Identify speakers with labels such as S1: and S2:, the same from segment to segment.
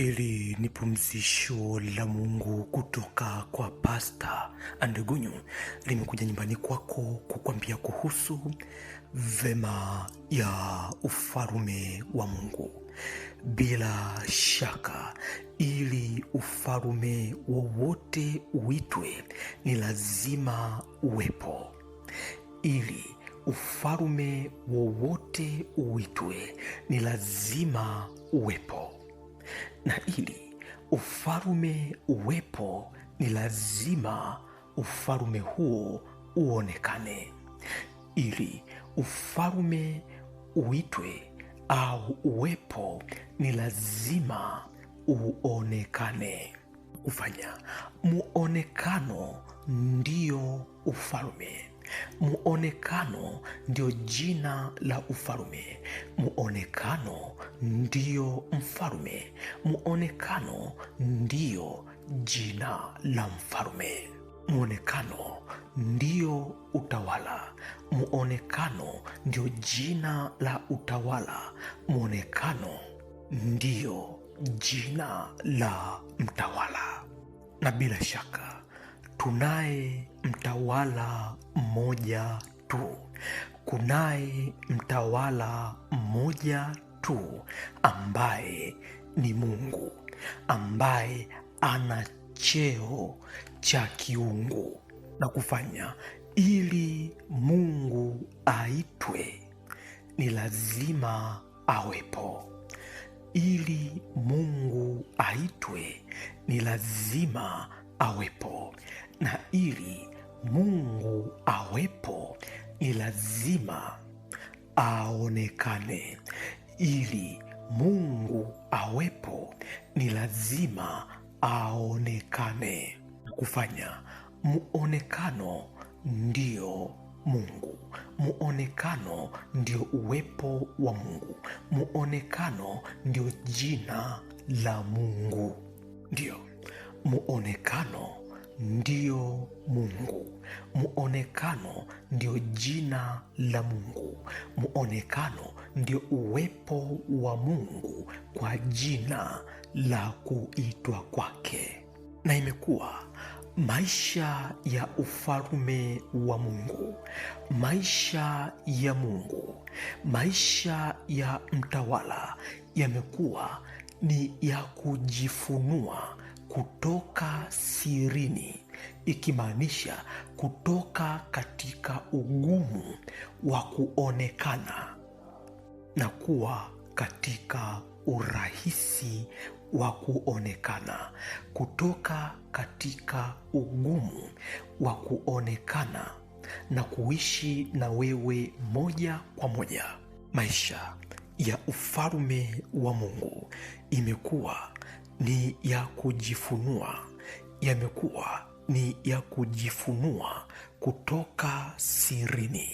S1: Hili ni pumzisho la Mungu kutoka kwa Pasta Andegunyu, limekuja nyumbani kwako kukwambia kuhusu vema ya ufalume wa Mungu. Bila shaka, ili ufalume wowote uitwe, ni lazima uwepo. Ili ufalume wowote uitwe, ni lazima uwepo na ili ufalume uwepo, ni lazima ufalume huo uonekane. Ili ufalume uitwe au uwepo, ni lazima uonekane. Kufanya muonekano ndio ufalume. Muonekano ndio jina la ufalume, muonekano ndio mfalume, muonekano ndio jina la mfalume. Muonekano ndio utawala, muonekano ndio jina la utawala, muonekano ndio jina la mtawala. Na bila shaka tunaye mtawala mmoja tu, kunaye mtawala mmoja tu ambaye ni Mungu, ambaye ana cheo cha kiungu na kufanya ili Mungu aitwe ni lazima awepo. Ili Mungu aitwe ni lazima awepo na ili Mungu awepo ni lazima aonekane. Ili Mungu awepo ni lazima aonekane. Kufanya muonekano ndio Mungu. Muonekano ndio uwepo wa Mungu. Muonekano ndio jina la Mungu. Ndio muonekano ndiyo Mungu. Muonekano ndio jina la Mungu. Muonekano ndio uwepo wa Mungu kwa jina la kuitwa kwake, na imekuwa maisha ya ufalme wa Mungu, maisha ya Mungu, maisha ya mtawala yamekuwa ni ya kujifunua kutoka sirini, ikimaanisha kutoka katika ugumu wa kuonekana na kuwa katika urahisi wa kuonekana, kutoka katika ugumu wa kuonekana na kuishi na wewe moja kwa moja. Maisha ya ufalme wa Mungu imekuwa ni ya kujifunua, yamekuwa ni ya kujifunua kutoka sirini,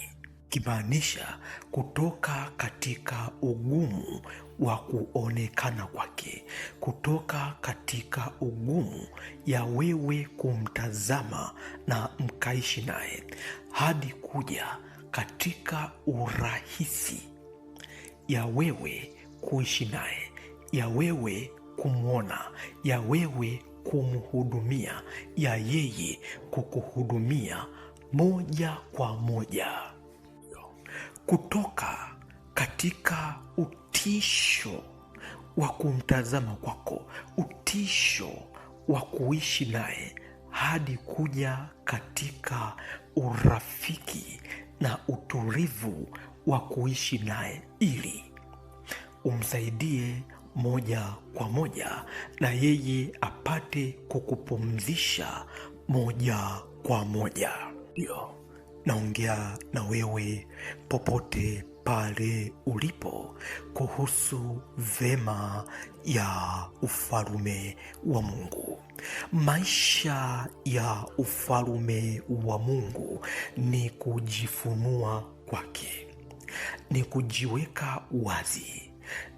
S1: kimaanisha kutoka katika ugumu wa kuonekana kwake, kutoka katika ugumu ya wewe kumtazama na mkaishi naye, hadi kuja katika urahisi ya wewe kuishi naye, ya wewe kumwona, ya wewe kumhudumia, ya yeye kukuhudumia moja kwa moja, kutoka katika utisho wa kumtazama kwako, utisho wa kuishi naye hadi kuja katika urafiki na utulivu wa kuishi naye ili umsaidie moja kwa moja na yeye apate kukupumzisha moja kwa moja. Ndio naongea na wewe popote pale ulipo kuhusu vema ya ufalume wa Mungu. Maisha ya ufalume wa Mungu ni kujifunua kwake, ni kujiweka wazi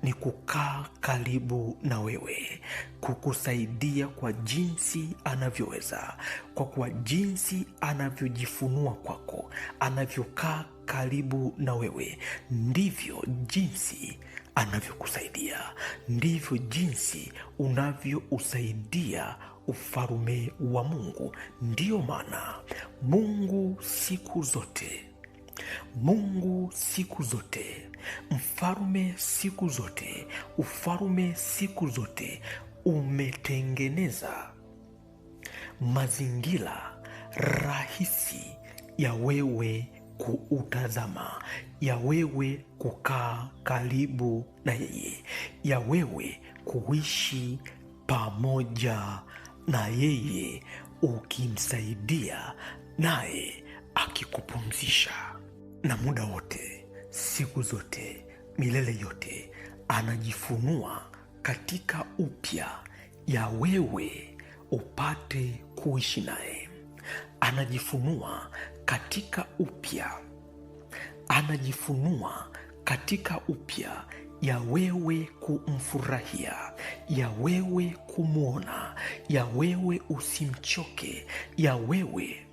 S1: ni kukaa karibu na wewe, kukusaidia kwa jinsi anavyoweza, kwa kuwa jinsi anavyojifunua kwako, anavyokaa karibu na wewe, ndivyo jinsi anavyokusaidia, ndivyo jinsi unavyousaidia ufalume wa Mungu. Ndiyo maana Mungu siku zote, Mungu siku zote mfarume siku zote ufarume siku zote umetengeneza mazingira rahisi ya wewe kuutazama, ya wewe kukaa karibu na yeye, ya wewe kuishi pamoja na yeye, ukimsaidia naye akikupumzisha na muda wote siku zote, milele yote, anajifunua katika upya ya wewe upate kuishi naye. Anajifunua katika upya, anajifunua katika upya ya wewe kumfurahia, ya wewe kumwona, ya wewe usimchoke, ya wewe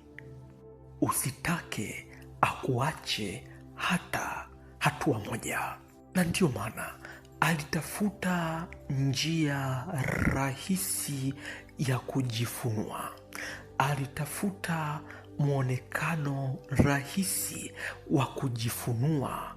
S1: usitake akuache hata hatua moja, na ndiyo maana alitafuta njia rahisi ya kujifunua, alitafuta mwonekano rahisi wa kujifunua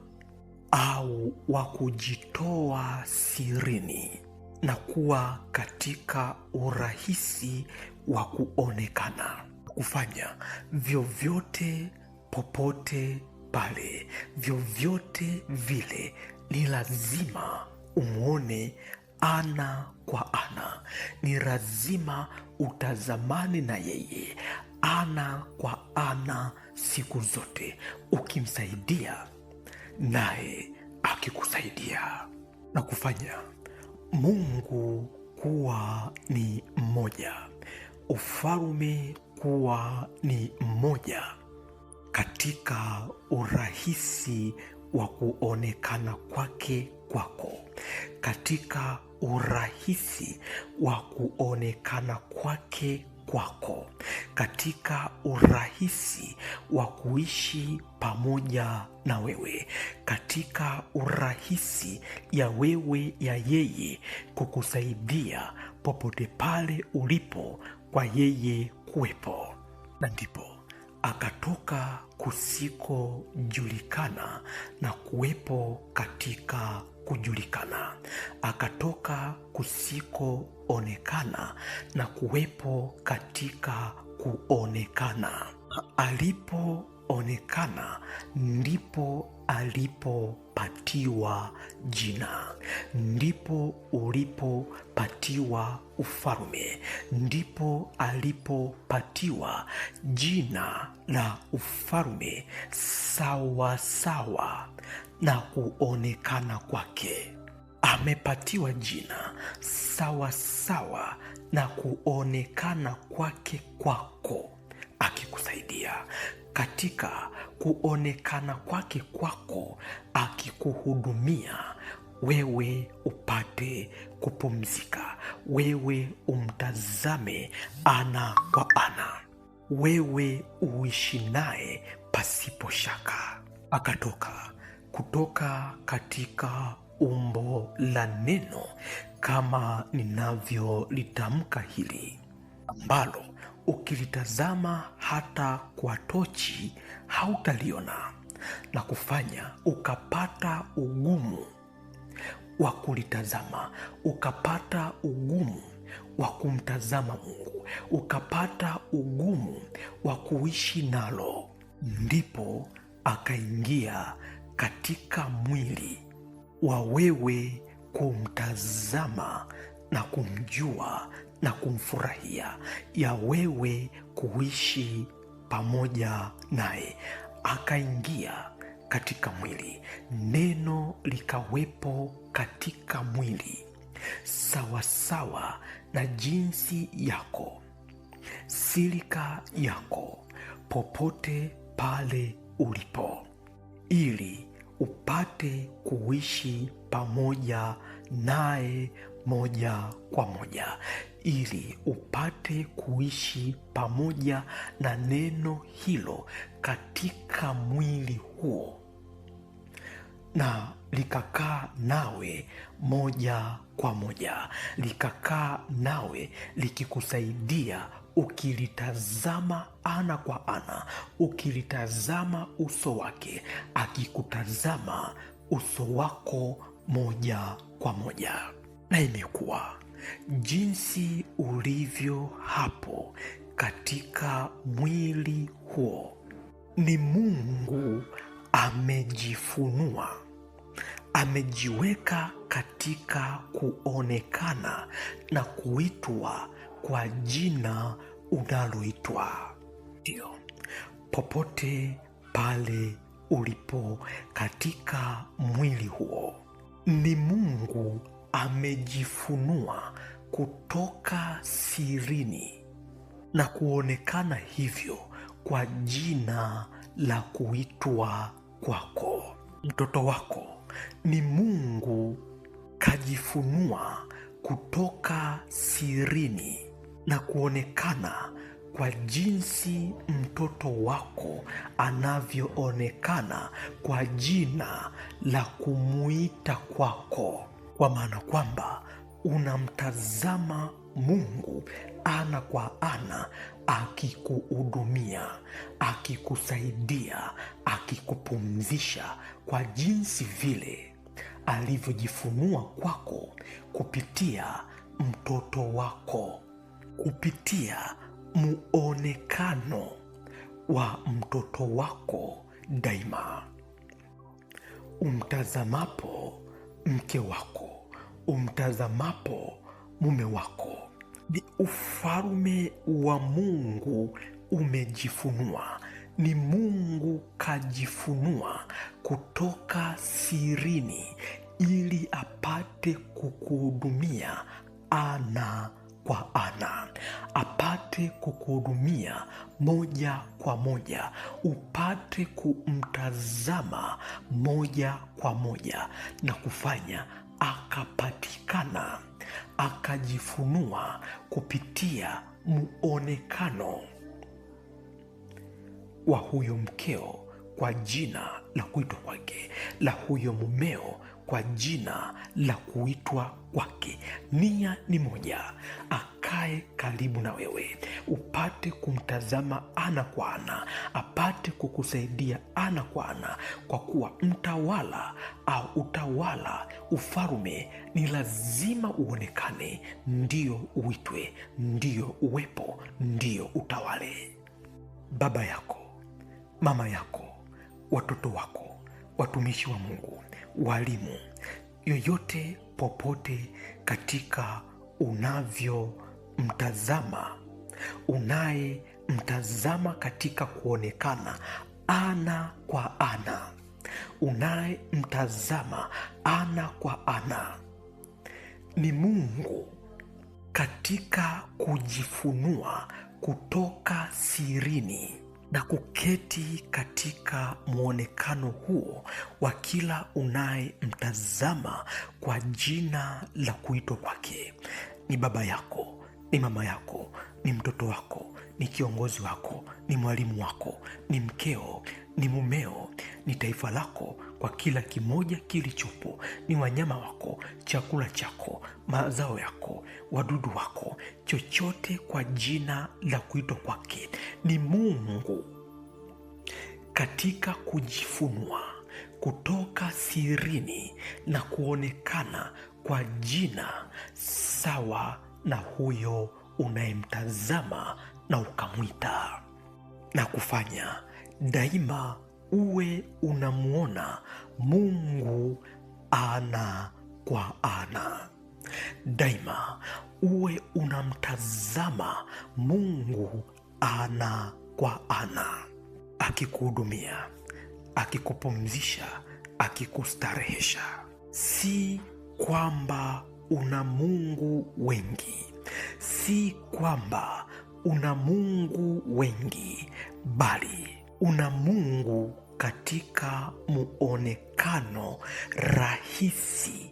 S1: au wa kujitoa sirini na kuwa katika urahisi wa kuonekana, kufanya vyovyote, popote pale, vyovyote vile ni lazima umwone ana kwa ana, ni lazima utazamane na yeye ana kwa ana siku zote, ukimsaidia naye akikusaidia na kufanya Mungu kuwa ni mmoja, ufalume kuwa ni mmoja katika urahisi wa kuonekana kwake kwako, katika urahisi wa kuonekana kwake kwako, katika urahisi wa kuishi pamoja na wewe, katika urahisi ya wewe ya yeye kukusaidia popote pale ulipo, kwa yeye kuwepo. Na ndipo akatoka kusikojulikana na kuwepo katika kujulikana, akatoka kusikoonekana na kuwepo katika kuonekana. Alipo onekana ndipo alipopatiwa jina, ndipo ulipopatiwa ufalme, ndipo alipopatiwa jina la ufalme sawasawa na kuonekana kwake. Amepatiwa jina sawasawa na kuonekana kwake kwako, akikusaidia katika kuonekana kwake kwako, akikuhudumia wewe upate kupumzika, wewe umtazame ana kwa ana, wewe uishi naye pasipo shaka. Akatoka kutoka katika umbo la neno kama ninavyolitamka hili ambalo ukilitazama hata kwa tochi hautaliona na kufanya ukapata ugumu wa kulitazama, ukapata ugumu wa kumtazama Mungu, ukapata ugumu wa kuishi nalo, ndipo akaingia katika mwili wa wewe kumtazama na kumjua na kumfurahia, ya wewe kuishi pamoja naye. Akaingia katika mwili, neno likawepo katika mwili sawasawa sawa na jinsi yako, silika yako, popote pale ulipo, ili upate kuishi pamoja naye moja kwa moja ili upate kuishi pamoja na neno hilo katika mwili huo na likakaa nawe moja kwa moja, likakaa nawe likikusaidia ukilitazama ana kwa ana, ukilitazama uso wake, akikutazama uso wako moja kwa moja, na imekuwa jinsi ulivyo hapo katika mwili huo. Ni Mungu amejifunua, amejiweka katika kuonekana na kuitwa kwa jina unaloitwa. Ndio, popote pale ulipo katika mwili huo, ni Mungu amejifunua kutoka sirini na kuonekana hivyo kwa jina la kuitwa kwako. Mtoto wako ni Mungu kajifunua kutoka sirini na kuonekana kwa jinsi mtoto wako anavyoonekana kwa jina la kumuita kwako kwa maana kwamba unamtazama Mungu ana kwa ana akikuhudumia, akikusaidia, akikupumzisha kwa jinsi vile alivyojifunua kwako kupitia mtoto wako, kupitia muonekano wa mtoto wako. Daima umtazamapo mke wako umtazamapo mume wako, ni ufalume wa Mungu umejifunua, ni Mungu kajifunua kutoka sirini ili apate kukuhudumia ana kwa ana, apate kukuhudumia moja kwa moja, upate kumtazama moja kwa moja na kufanya akapatikana, akajifunua kupitia muonekano wa huyo mkeo kwa jina la kuitwa kwake, la huyo mumeo kwa jina la kuitwa kwake. Nia ni moja, akae karibu na wewe, upate kumtazama ana kwa ana, apate kukusaidia ana kwa ana, kwa kuwa mtawala au utawala, ufarume ni lazima uonekane, ndio uitwe, ndio uwepo, ndio utawale. Baba yako, mama yako, watoto wako, watumishi wa Mungu walimu, yoyote popote katika unavyomtazama, unayemtazama katika kuonekana ana kwa ana, unayemtazama ana kwa ana ni Mungu katika kujifunua kutoka sirini na kuketi katika mwonekano huo wa kila unayemtazama kwa jina la kuitwa kwake. Ni baba yako, ni mama yako, ni mtoto wako, ni kiongozi wako, ni mwalimu wako, ni mkeo, ni mumeo, ni taifa lako kwa kila kimoja kilichopo, ni wanyama wako, chakula chako, mazao yako, wadudu wako, chochote kwa jina la kuitwa kwake. Ni Mungu katika kujifunua kutoka sirini na kuonekana kwa jina sawa na huyo unayemtazama na ukamwita na kufanya daima uwe unamwona Mungu ana kwa ana daima, uwe unamtazama Mungu ana kwa ana, akikuhudumia, akikupumzisha, akikustarehesha. Si kwamba una Mungu wengi, si kwamba una Mungu wengi, bali una Mungu katika muonekano rahisi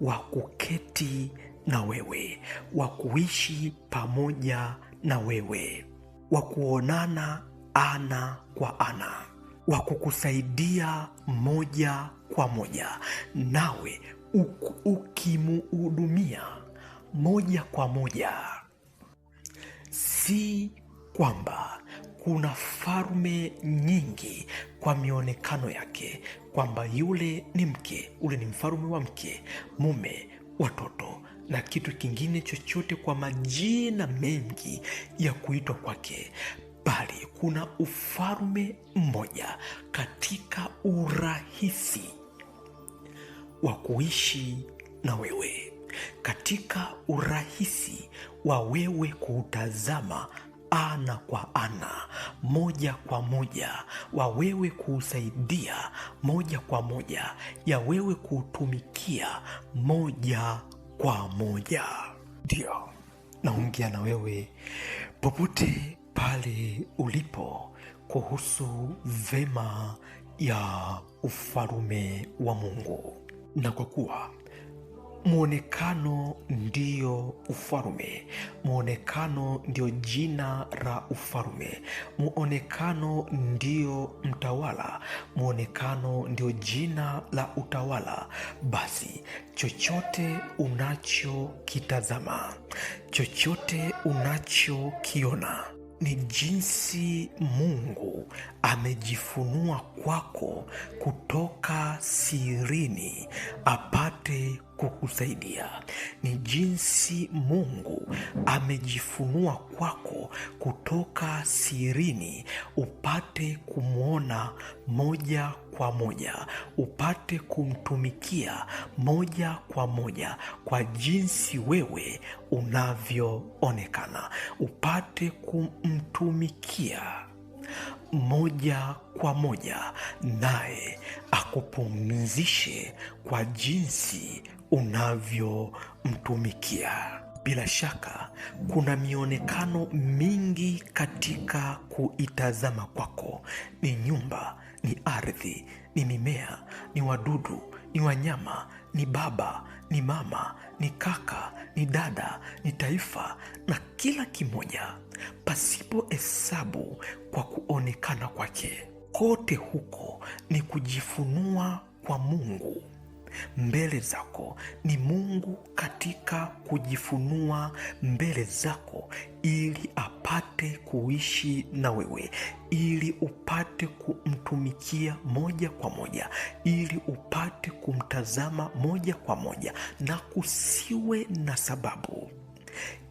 S1: wa kuketi na wewe, wa kuishi pamoja na wewe, wa kuonana ana kwa ana, wa kukusaidia moja kwa moja, nawe ukimuhudumia moja kwa moja, si kwamba kuna falme nyingi kwa mionekano yake, kwamba yule ni mke, ule ni mfalme wa mke, mume, watoto na kitu kingine chochote, kwa majina mengi ya kuitwa kwake, bali kuna ufalme mmoja katika urahisi wa kuishi na wewe, katika urahisi wa wewe kuutazama ana kwa ana, moja kwa moja, wa wewe kuusaidia moja kwa moja, ya wewe kuutumikia moja kwa moja. Ndio naongea na wewe popote pale ulipo kuhusu vema ya ufalume wa Mungu, na kwa kuwa Mwonekano ndiyo ufalume, mwonekano ndiyo jina la ufalume, mwonekano ndiyo mtawala, mwonekano ndiyo jina la utawala. Basi chochote unachokitazama, chochote unachokiona ni jinsi Mungu amejifunua kwako kutoka sirini apate kukusaidia ni jinsi Mungu amejifunua kwako kutoka sirini, upate kumwona moja kwa moja, upate kumtumikia moja kwa moja kwa jinsi wewe unavyoonekana, upate kumtumikia moja kwa moja, naye akupumzishe kwa jinsi unavyomtumikia. Bila shaka kuna mionekano mingi katika kuitazama kwako: ni nyumba, ni ardhi, ni mimea, ni wadudu, ni wanyama, ni baba, ni mama, ni kaka, ni dada, ni taifa na kila kimoja, pasipo hesabu kwa kuonekana kwake. Kote huko ni kujifunua kwa Mungu mbele zako ni Mungu katika kujifunua mbele zako ili apate kuishi na wewe, ili upate kumtumikia moja kwa moja, ili upate kumtazama moja kwa moja, na kusiwe na sababu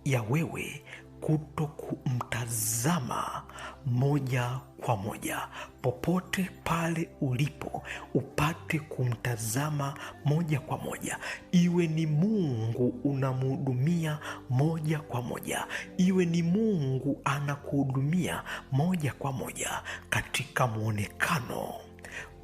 S1: ya wewe kuto kumtazama moja kwa moja. Popote pale ulipo, upate kumtazama moja kwa moja, iwe ni Mungu unamhudumia moja kwa moja, iwe ni Mungu anakuhudumia moja kwa moja katika mwonekano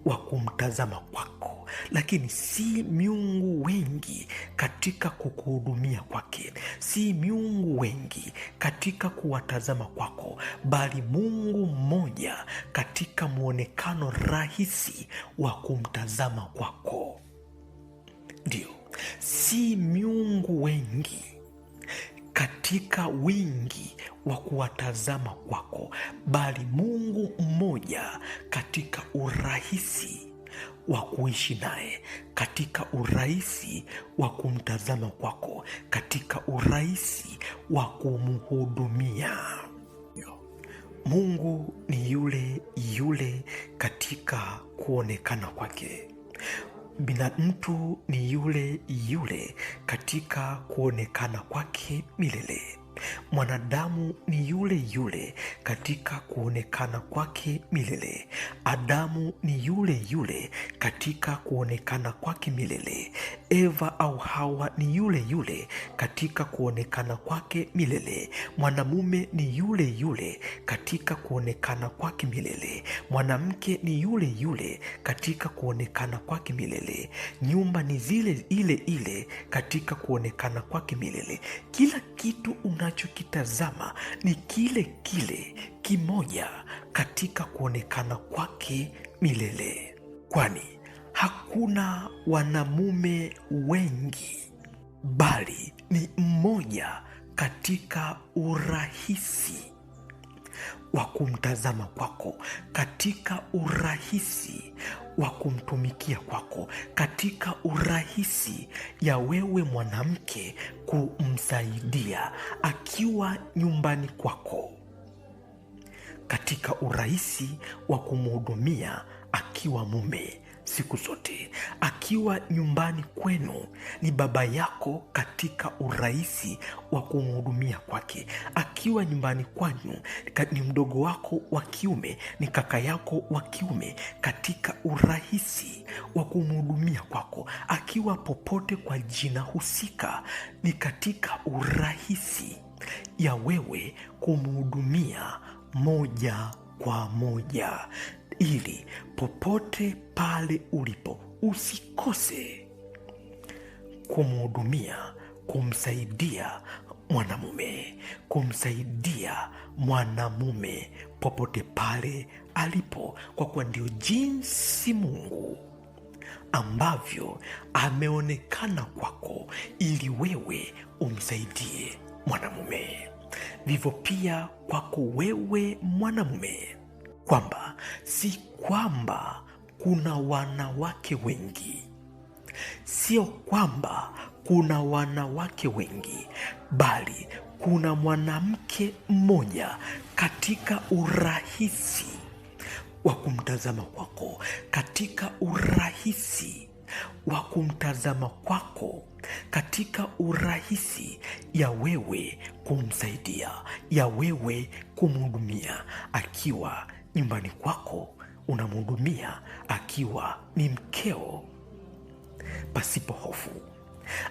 S1: wa kumtazama kwako, lakini si miungu wengi katika kukuhudumia kwake, si miungu wengi katika kuwatazama kwako, bali Mungu mmoja katika mwonekano rahisi wa kumtazama kwako. ndio si miungu wengi katika wingi wa kuwatazama kwako, bali Mungu mmoja katika urahisi wa kuishi naye, katika urahisi wa kumtazama kwako, katika urahisi wa kumhudumia. Mungu ni yule yule katika kuonekana kwake bila mtu ni yule yule katika kuonekana kwake milele. Mwanadamu ni yule yule katika kuonekana kwake milele. Adamu ni yule yule katika kuonekana kwake milele. Eva au Hawa ni yule yule katika kuonekana kwake milele. Mwanamume ni yule yule katika kuonekana kwake milele. Mwanamke ni yule yule katika kuonekana kwake milele. Nyumba ni zile ile ile katika kuonekana kwake milele. Kila kitu una unachokitazama ni kile kile kimoja katika kuonekana kwake milele, kwani hakuna wanamume wengi, bali ni mmoja katika urahisi wa kumtazama kwako, katika urahisi wa kumtumikia kwako, katika urahisi ya wewe mwanamke kumsaidia akiwa nyumbani kwako, katika urahisi wa kumhudumia akiwa mume siku zote akiwa nyumbani kwenu ni baba yako katika urahisi wa kumhudumia kwake. Akiwa nyumbani kwanyu ni mdogo wako wa kiume, ni kaka yako wa kiume katika urahisi wa kumhudumia kwako. Akiwa popote kwa jina husika ni katika urahisi ya wewe kumhudumia moja kwa moja, ili popote pale ulipo usikose kumhudumia, kumsaidia mwanamume, kumsaidia mwanamume popote pale alipo, kwa kuwa ndio jinsi Mungu ambavyo ameonekana kwako ili wewe umsaidie mwanamume. Vivyo pia kwako wewe mwanamume, kwamba si kwamba kuna wanawake wengi, sio kwamba kuna wanawake wengi, bali kuna mwanamke mmoja katika urahisi wa kumtazama kwako, katika urahisi wa kumtazama kwako, katika urahisi ya wewe kumsaidia, ya wewe kumhudumia, akiwa nyumbani kwako, unamhudumia akiwa ni mkeo pasipo hofu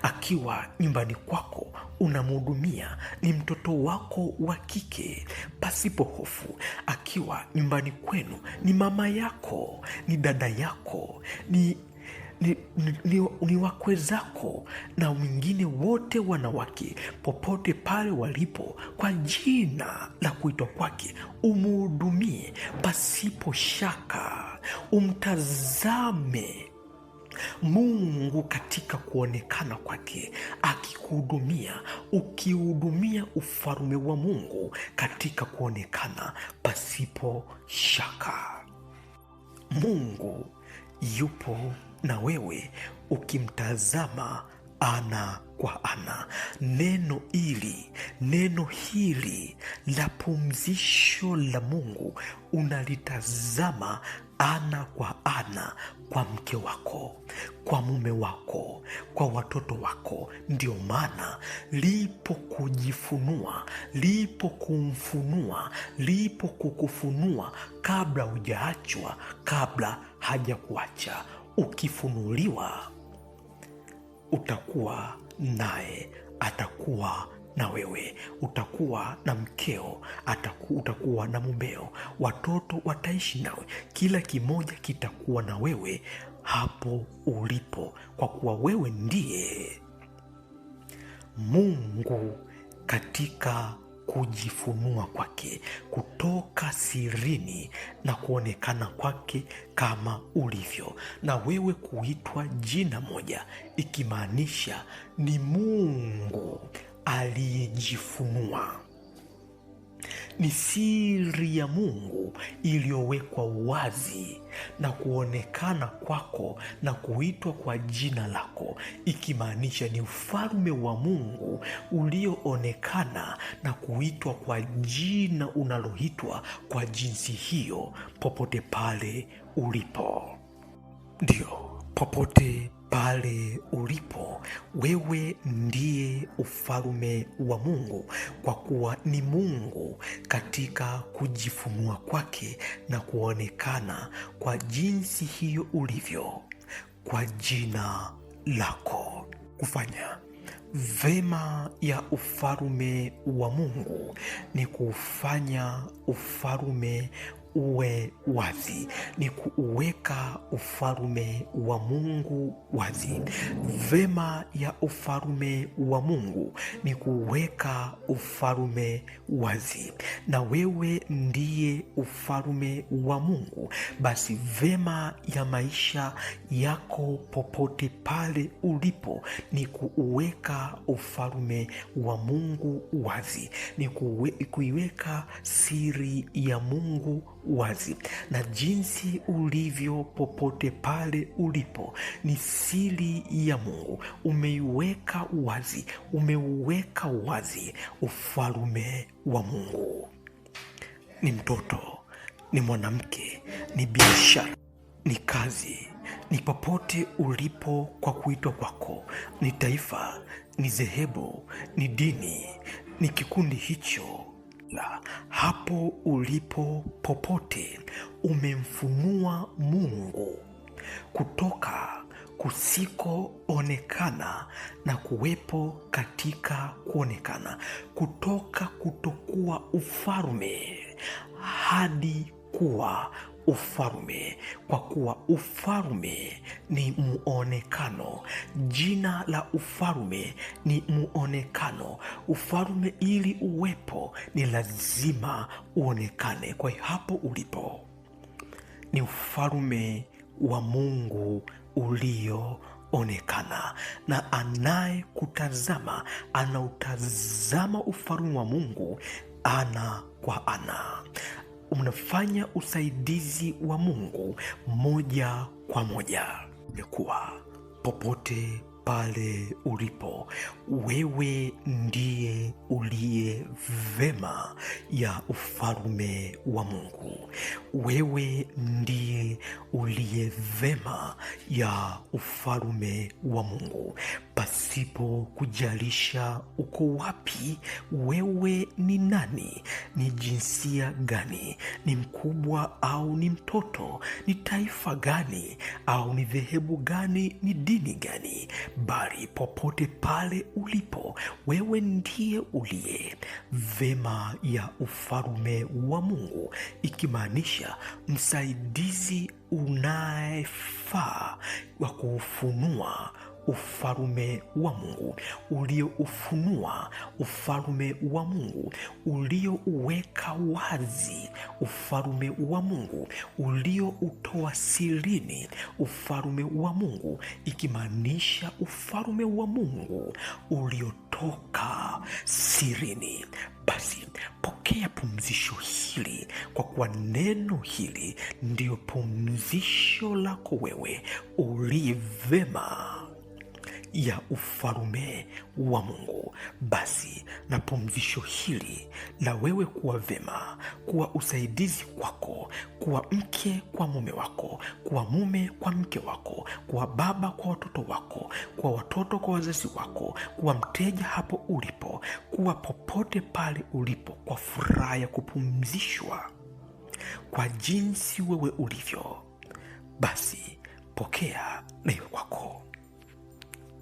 S1: akiwa nyumbani kwako unamhudumia ni mtoto wako wa kike pasipo hofu akiwa nyumbani kwenu ni mama yako ni dada yako ni ni, ni, ni wakwe zako na wengine wote wanawake popote pale walipo, kwa jina la kuitwa kwake umuhudumie pasipo shaka, umtazame Mungu katika kuonekana kwake akikuhudumia, ukihudumia ufalume wa Mungu katika kuonekana pasipo shaka. Mungu yupo na wewe ukimtazama ana kwa ana. Neno hili neno hili la pumzisho la Mungu unalitazama ana kwa ana, kwa mke wako, kwa mume wako, kwa watoto wako. ndio maana lipo kujifunua, lipo kumfunua, lipo kukufunua, kabla hujaachwa, kabla hajakuacha ukifunuliwa utakuwa naye atakuwa na wewe utakuwa na mkeo ataku, utakuwa na mumeo watoto wataishi nawe kila kimoja kitakuwa na wewe hapo ulipo kwa kuwa wewe ndiye mungu katika kujifunua kwake kutoka sirini na kuonekana kwake kama ulivyo, na wewe kuitwa jina moja, ikimaanisha ni Mungu aliyejifunua ni siri ya Mungu iliyowekwa wazi na kuonekana kwako na kuitwa kwa jina lako, ikimaanisha ni ufalme wa Mungu ulioonekana na kuitwa kwa jina unaloitwa kwa jinsi hiyo, popote pale ulipo, ndio popote pale ulipo wewe ndiye ufalume wa Mungu, kwa kuwa ni Mungu katika kujifunua kwake na kuonekana kwa jinsi hiyo ulivyo kwa jina lako, kufanya vema ya ufalume wa Mungu ni kuufanya ufalume uwe wazi, ni kuuweka ufalume wa Mungu wazi. Vema ya ufalume wa Mungu ni kuuweka ufalume wazi, na wewe ndiye ufalume wa Mungu. Basi vema ya maisha yako popote pale ulipo ni kuuweka ufalume wa Mungu wazi, ni kuiweka siri ya Mungu wazi na jinsi ulivyo popote pale ulipo ni siri ya Mungu. Umeiweka wazi, umeuweka wazi ufalume wa Mungu. Ni mtoto, ni mwanamke, ni biashara, ni kazi, ni popote ulipo kwa kuitwa kwako, ni taifa, ni dhehebu, ni dini, ni kikundi hicho hapo ulipo popote, umemfunua Mungu kutoka kusikoonekana na kuwepo katika kuonekana, kutoka kutokuwa ufalme hadi kuwa ufarume kwa kuwa ufarume ni muonekano. Jina la ufarume ni muonekano. ufarume ili uwepo, ni lazima uonekane. Kwa hiyo hapo ulipo ni ufarume wa Mungu ulioonekana, na anayekutazama anautazama ufarume wa Mungu ana kwa ana unafanya usaidizi wa Mungu moja kwa moja. Umekuwa popote pale ulipo, wewe ndiye uliye vema ya ufalume wa Mungu. Wewe ndiye uliye vema ya ufalume wa Mungu pasipo kujalisha uko wapi, wewe ni nani, ni jinsia gani, ni mkubwa au ni mtoto, ni taifa gani au ni dhehebu gani, ni dini gani, bali popote pale ulipo wewe ndiye uliye vema ya ufalume wa Mungu, ikimaanisha msaidizi unayefaa wa kuufunua ufalume wa Mungu, ulioufunua ufalume wa Mungu, uliouweka wazi ufalume wa Mungu, ulioutoa sirini ufalume wa Mungu, ikimaanisha ufalume wa Mungu uliotoka sirini. Basi pokea pumzisho hili, kwa kuwa neno hili ndiyo pumzisho lako wewe. ulivema ya ufalume wa Mungu. Basi na pumzisho hili la wewe kuwa vema, kuwa usaidizi kwako, kuwa mke kwa mume wako, kuwa mume kwa mke wako, kuwa baba kwa watoto wako, kuwa watoto kwa wazazi wako, kuwa mteja hapo ulipo, kuwa popote pale ulipo, kwa furaha ya kupumzishwa kwa jinsi wewe ulivyo, basi pokea na iwe kwako.